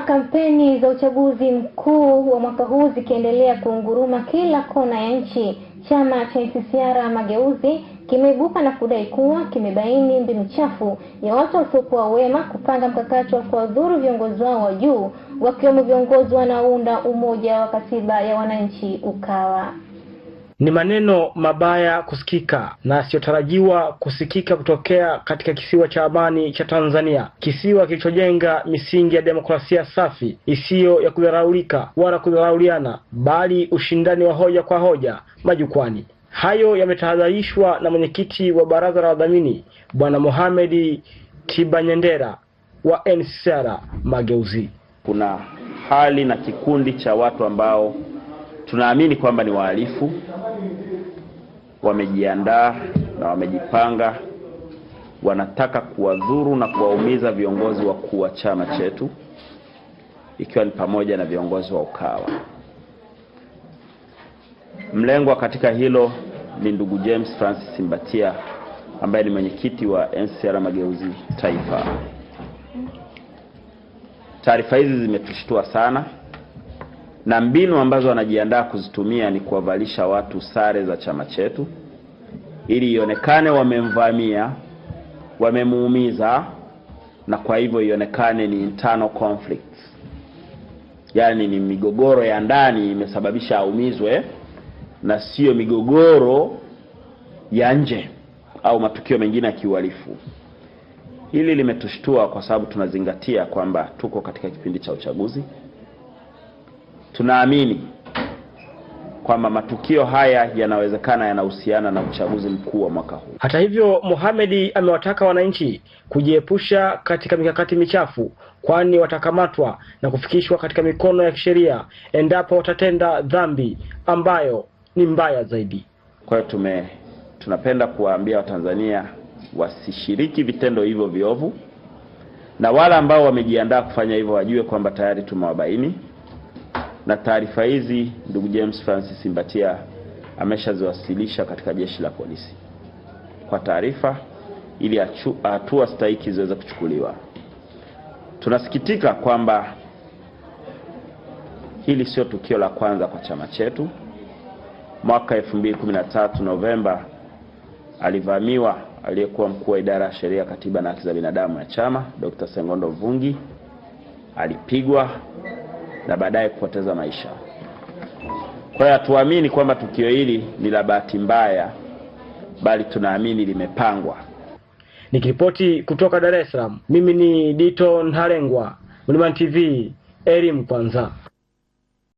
kampeni za uchaguzi mkuu wa mwaka huu zikiendelea kuunguruma kila kona ya nchi, chama cha NCCR Mageuzi kimeibuka na kudai kuwa kimebaini mbinu chafu ya watu wasiokuwa wema kupanga mkakati wa kuwadhuru viongozi wao wa juu, wakiwemo viongozi wanaounda Umoja wa Katiba ya Wananchi, Ukawa. Ni maneno mabaya kusikika na yasiyotarajiwa kusikika kutokea katika kisiwa cha amani cha Tanzania, kisiwa kilichojenga misingi ya demokrasia safi isiyo ya kudharaulika wala kudharauliana, bali ushindani wa hoja kwa hoja majukwani. Hayo yametahadharishwa na mwenyekiti wa baraza la wadhamini Bwana Mohamed Tibanyendera wa NCCR Mageuzi. Kuna hali na kikundi cha watu ambao tunaamini kwamba ni wahalifu wamejiandaa na wamejipanga, wanataka kuwadhuru na kuwaumiza viongozi wakuu wa chama chetu, ikiwa ni pamoja na viongozi wa Ukawa. Mlengwa katika hilo ni ndugu James Francis Mbatia ambaye ni mwenyekiti wa NCCR Mageuzi Taifa. Taarifa hizi zimetushtua sana na mbinu ambazo wanajiandaa kuzitumia ni kuwavalisha watu sare za chama chetu ili ionekane wamemvamia, wamemuumiza, na kwa hivyo ionekane ni internal conflict, yaani ni migogoro ya ndani imesababisha aumizwe na siyo migogoro ya nje au matukio mengine ya kiuhalifu. Hili limetushtua kwa sababu tunazingatia kwamba tuko katika kipindi cha uchaguzi. Tunaamini kwamba matukio haya yanawezekana yanahusiana na uchaguzi mkuu wa mwaka huu. Hata hivyo, Mohamed amewataka wananchi kujiepusha katika mikakati michafu, kwani watakamatwa na kufikishwa katika mikono ya kisheria endapo watatenda dhambi ambayo ni mbaya zaidi. Kwa hiyo tume tunapenda kuwaambia Watanzania wasishiriki vitendo hivyo viovu, na wale ambao wamejiandaa kufanya hivyo wajue kwamba tayari tumewabaini na taarifa hizi ndugu James Francis Mbatia ameshaziwasilisha katika jeshi la polisi kwa taarifa ili hatua stahiki ziweze kuchukuliwa. Tunasikitika kwamba hili sio tukio la kwanza kwa chama chetu. Mwaka 2013 Novemba, alivamiwa aliyekuwa mkuu wa idara ya sheria, katiba na haki za binadamu ya chama Dr. Sengondo Vungi, alipigwa na baadaye kupoteza maisha. Kwa hiyo hatuamini kwamba tukio hili ni la bahati mbaya, bali tunaamini limepangwa. Nikiripoti kutoka Dar es Salaam, mimi ni Dito nharengwa Mlimani TV, elimu kwanza.